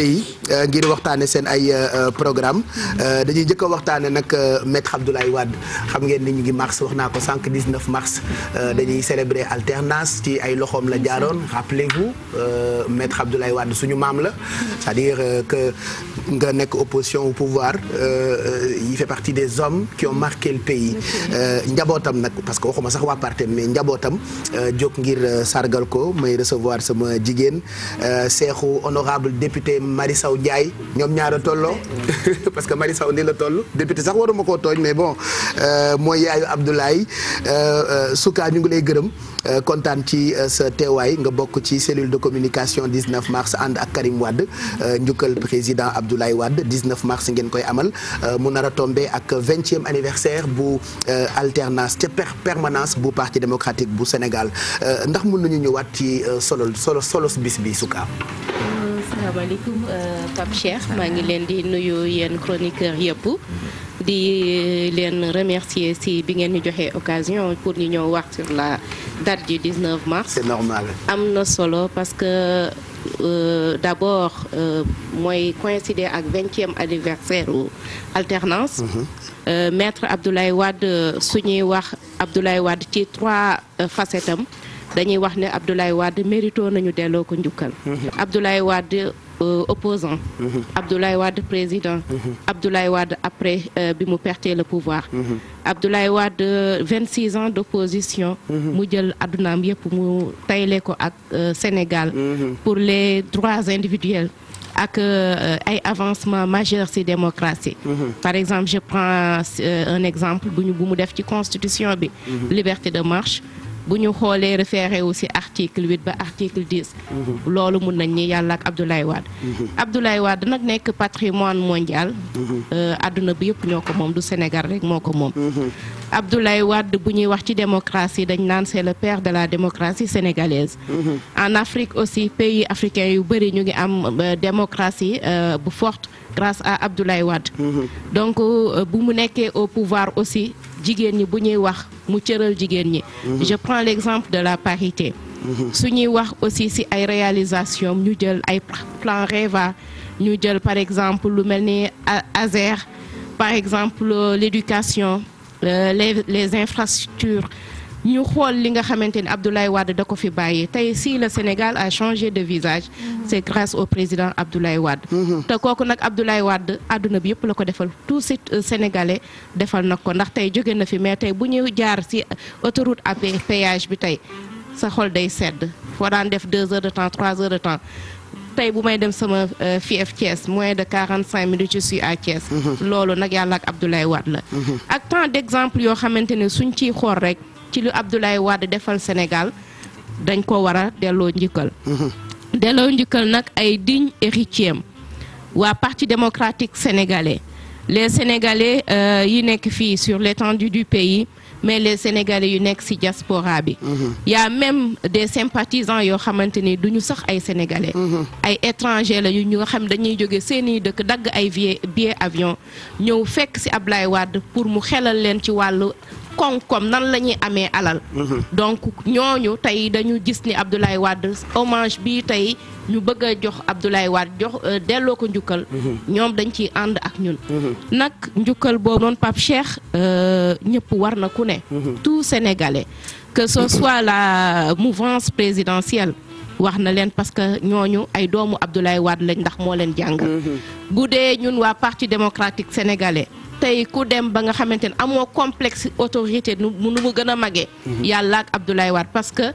invité yi euh, ngir waxtaane seen ay euh, euh, programme dañuy njëkk a waxtaane nag maître Abdoulaye Wade xam ngeen ni ñu ngi mars wax naa ko sànq 19 mars dañuy célébrer alternance ci ay loxoom la jaaroon rappelez-vous maître Abdoulaye Wade suñu maam la cest dire que nga nekk opposition au pouvoir euh, euh, il fait partie des hommes qui ont marqué pays euh, njabootam nag parce que waxuma sax waa parte mais njabootam jóg ngir sargal ko may recevoir sama jigéen seexu honorable député Marisaw Ndiaye ñoom ñaara tolloo parce que Marisaw ni la toll député sax waruma koo tooñ mais bon mooy yaayu Abdoulaye Souka ñu ngi lay gërëm kontaan ci sa teewaay nga bokk ci cellule de communication 19 mars ànd ak Karim Wade njukkal président Abdoulaye Abdoulaye Wade 19 mars ngeen koy amal euh, mu nar a tombé ak 20e anniversaire bu euh, alternance te permanence bu parti démocratique bu Sénégal euh, ndax mun nañu ñëwaat ci solo solo solo bis bi suka asalaamaaleykum Pape Cheikh maa ngi leen di nuyu yéen chroniqueur yëpp di leen remercier si bi ngeen ñu joxee occasion pour ñu ñëw wax sur la date du 19 mars. c'est normal. am na solo parce que euh, d'abord euh, mooy coïncider ak vingtième anniversaire u alternance. Mm -hmm. euh, maître Abdoulaye Wade suñuy wax Abdoulaye Wade ci trois euh, facettes dañuy wax ne Abdoulaye Wade mérito nañu delloo ko njukkal. Mhm. Abdoulaye Wade. Euh, opposant mhm. Abdoulaye Wade président mhm. Abdoulaye Wade après euh, bi mu perte le pouvoir mhm. Abdoulaye Wade euh, vingt six ans d'opposition mu jël addunaam yëpp mu tayle ko ak Sénégal pour les droits individuels ak ay avancement majeur ci démocratie par exemple je prends exemple bu def ci constitution bi bu ñu xoolee référé wu si article 8 ba article 10. Mhm. loolu mun nañ ni yàlla ak Abdoulaye Wade. Mhm. Abdoulaye Wade nag nekk patrimoine mondial. àdduna mhm. euh, bi yëpp ñoo ko moom du Sénégal rek moo ko moom. Abdoulaye Wade bu ñuy wax ci démocratie dañ naan c'est le père de la démocratie sénégalaise. en Afrique aussi pays africain yu bëri ñu ngi am euh, démocratie euh, bu forte grâce à Abdoulaye Wade. donc bu mu nekkee au pouvoir aussi jigéen ñi bu ñuy wax. mu cëral jigéen ñi mhm. je prends l'exemple de la parité mhm. su ñuy wax aussi si ay réalisation ñu jël ay plan REVA ñu jël par exemple lu mel ni ASER par exemple euh, l'éducation euh, les les infrastructures ñu xool li nga xamante ni Abdoulaye Wade da ko fi bàyyee tey si le Sénégal a changé de visage. Mhm. c' est grâce au président Abdoulaye Wade. Mhm. te kooku nag Abdoulaye Wade àdduna bi yëpp la ko defal tout si euh, sénégalais defal nag ko ndax tey jóge na fi mais tey bu ñu jaar si euh, autoroute à péage bi tey sa xol day sedd foo daan def deux heures de temps trois heures de temps. tey bu may dem sama euh, fief Thiès moins de quarante cinq minutes je suis à mhm. loolu nag yàlla ak Abdoulaye Wade la. ak tant d' exemples yoo xamante ne suñ ciy xool rek. ci lu Abdoulaye Wade defal Sénégal dañ ko war a delloo njukkal. Mhm. delloo njukkal nag ay digne héritiers waa parti démocratique sénégalais les sénégalais euh, yi nekk fii sur l'étendue du pays mais les sénégalais yu nekk ci diaspora bi. Mhm. y a même des sympathisants yoo xamante ni duñu sax ay sénégalais. Mhm. ay étrangers la yu ñu nga xam dañuy jóge seeni dëkk dagg ay billets avion ñëw fekk ci Ablaye Wade pour mu xelal leen ci wàllu koom-koom nan la ñuy amee alal. Mhm. donc ñooñu tey dañu gis ni Abdoulaye Wade hommage bii tey ñu bëgg a jox Abdoulaye Wade jox euh, delloo ko njukkal. Mhm. ñoom dañ ciy ànd ak ñun. Mhm. nag njukkal boobu noonu Pape Cheikh euh, ñëpp war na ku ne. tout Sénégalais que ce soit la mouvance présidentielle. wax na leen parce que ñooñu ay doomu Abdoulaye Wade lañ ndax moo leen jàngal. bu dee ñun waa parti démocratique sénégalais. tey ku dem ba nga xamante ne amoo complexe autorité nu mu gën a magee mhm. yàlla ak Abdoulaye Wade parce que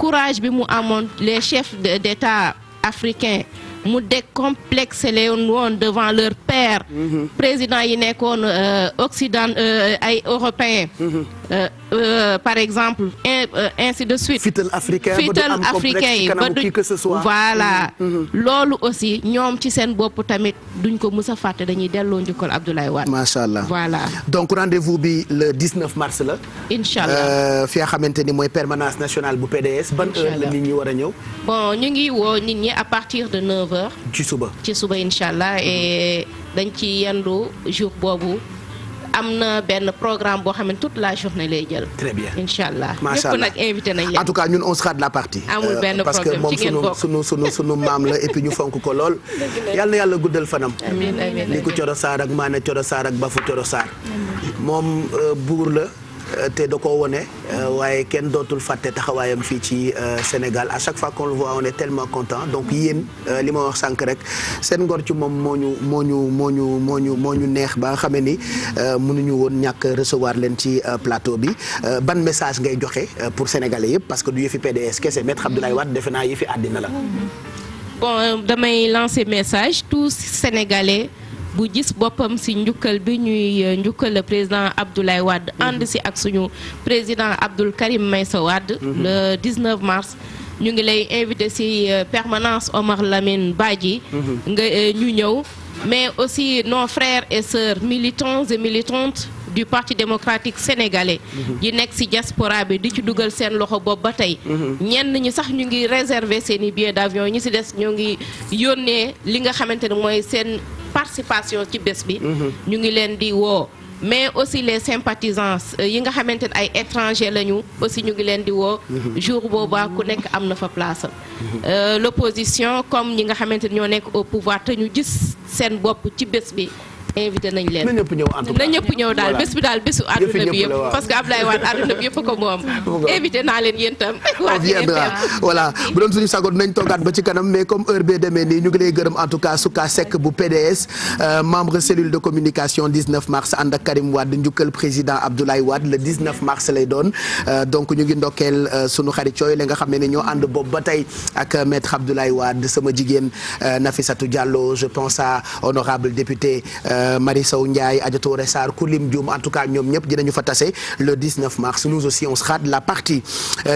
courage bi mu amoon les chefs d'État africains mu décomplexé leen woon devant leur père. Mhm. président yi nekkoon euh, Occident euh, ay européens. Mhm. Euh, par exemple ainsi de suite. fital africain yi ba du la mhm. loolu aussi ñoom ci seen bopp tamit duñ ko mus a fàtte dañuy delloo njukkal Abdoulaye Wade. macha allah voilà donc rendez-vous bi le 19 mars la. incha allah fi nga xamante ni mooy permanence nationale bu PDS. ban heure la nit ñi war a ñëw. bon ñu ngi woo ñi à partir de suba. ci suba ci suba incha allah mm-hmm. et dañ ci yendu jour boobu. am na benn programme boo xam ne toute la journée lay jël. très bien incha allah macha allah nag invité nañ leen. tout cas ñun la partie. amul euh, benn problème parce que moom sunu sunu sunu maam la et puis ñu fonk ko lool. yal yàlla guddal fanam. amiin amiin ni ko Coro Sarr ak Maane Coro Sarr ak Bafu Coro Sarr. moom euh, buur la. Euh, te da koo wone euh, waaye kenn dootul fàtte taxawaayam fii ci euh, Sénégal à chaque fois qu'on le voit on est tellement content donc yéen li ma wax sànq rek seen ngor ci moom moo ñu moo ñu moo ñu moo ñu moo ñu neex ba nga xamee ni mënuñu woon ñàkk recevoir leen ci plateau bi ban message ngay joxe pour sénégalais yëpp parce que du yëfi PDS kese maître Abdoulaye Wade defe naa yëfi àddina la. bon damay lancer message tous sénégalais. bu gis boppam si njukkal bi ñuy euh, njukkal président Abdoulaye Wade mhm. ànd si ak suñu président Abdoul Karim Meïssa Wade mhm. le 19 mars ñu ngi lay invité si euh, permanence Omar Lamine Badji mhm. nga euh, ñu ñëw mais aussi nos frères et sœurs militants et militantes du parti démocratique sénégalais. yi nekk ci diaspora bi di ci dugal seen loxo boobu ba tey. ñenn ñi sax ñu ngi réserver seen i billets d'avion ñi ci des ñoo ngi yónnee li nga xamante ne mooy seen participation ci bés bi mhm. ñu ngi leen di woo mais aussi les sympathisants euh, yi nga xamante ne ay étrangers lañu aussi ñu ngi leen di woo mhm. jour boobaa ku nekk am na fa place mhm. euh, l'opposition comme ñi nga xamante ne ñoo nekk au pouvoir te ñu gis seen bopp ci bés bi invité nañ leen. na ñëpp ñëw daal bés bi daal bésu àdduna bi yëpp. parce que Ablaye Wade àdduna bi yëpp ko moom. invité naa leen yéen tam. waa voilà bu doon suñu sago dinañ toogaat ba ci kanam mais comme heure bee demee nii ñu ngi lay gërëm en tout cas Souka Seck bu PDS euh, membre cellule de communication 19 mars ànd ak Karim Wade njukkal président Abdoulaye Wade le mars lay doon euh, donc ñu ngi ndokkeel euh, sunu xarit yooyu la nga xam ne ñoo ànd bopp ba tey ak maître Abdoulaye Wade sama jigéen Nafissatou Diallo je pense à honorable député. Euh, Marie Sow Ndiaye Adjatou Ressar Koulim Dioum en tout cas ñoom ñëpp dinañu fa tase le 19 nous aussi on sera la partie euh,